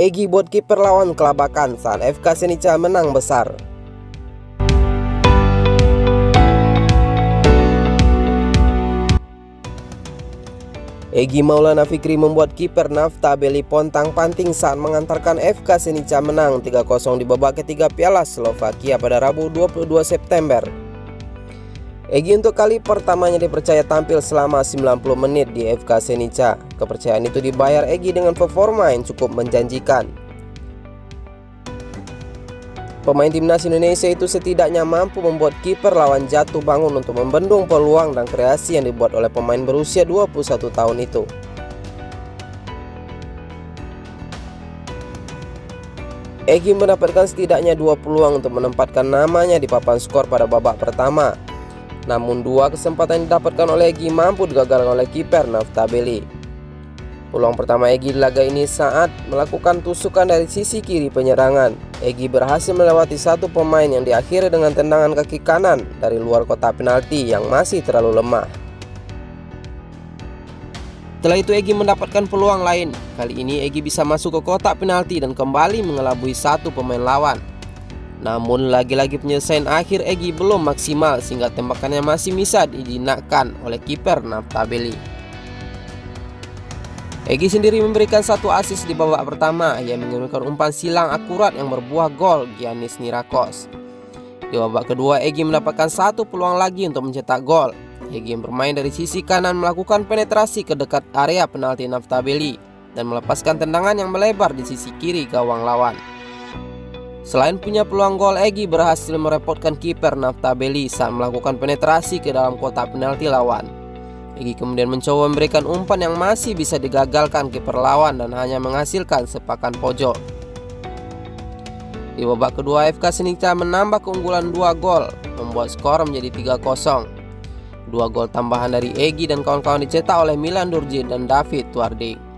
Egi buat kiper lawan kelabakan saat FK Senica menang besar. Egi Maulana Fikri membuat kiper Nafta Beli pontang panting saat mengantarkan FK Senica menang 3-0 di babak ketiga Piala Slovakia pada Rabu 22 September. Egi untuk kali pertamanya dipercaya tampil selama 90 menit di FK Senica. Kepercayaan itu dibayar Egi dengan performa yang cukup menjanjikan. Pemain timnas Indonesia itu setidaknya mampu membuat kiper lawan jatuh bangun untuk membendung peluang dan kreasi yang dibuat oleh pemain berusia 21 tahun itu. Egi mendapatkan setidaknya dua peluang untuk menempatkan namanya di papan skor pada babak pertama, namun dua kesempatan yang didapatkan oleh Egi mampu digagalkan oleh kiper Naftabeli. Peluang pertama Egi di laga ini saat melakukan tusukan dari sisi kiri penyerangan. Egi berhasil melewati satu pemain yang diakhiri dengan tendangan kaki kanan dari luar kotak penalti yang masih terlalu lemah. Setelah itu Egi mendapatkan peluang lain. Kali ini Egi bisa masuk ke kotak penalti dan kembali mengelabui satu pemain lawan. Namun lagi-lagi penyelesaian akhir Egi belum maksimal sehingga tembakannya masih bisa dijinakkan oleh kiper Naftabeli. Egi sendiri memberikan satu asis di babak pertama yang menggunakan umpan silang akurat yang berbuah gol Giannis Nirakos. Di babak kedua Egi mendapatkan satu peluang lagi untuk mencetak gol. Egi bermain dari sisi kanan melakukan penetrasi ke dekat area penalti Naftabeli dan melepaskan tendangan yang melebar di sisi kiri gawang lawan. Selain punya peluang gol, Egi berhasil merepotkan kiper Naftabeli saat melakukan penetrasi ke dalam kotak penalti lawan. Egi kemudian mencoba memberikan umpan yang masih bisa digagalkan kiper lawan dan hanya menghasilkan sepakan pojok. Di babak kedua, FK Senica menambah keunggulan dua gol, membuat skor menjadi 3-0. Dua gol tambahan dari Egi dan kawan-kawan dicetak oleh Milan Durjin dan David Tuarding.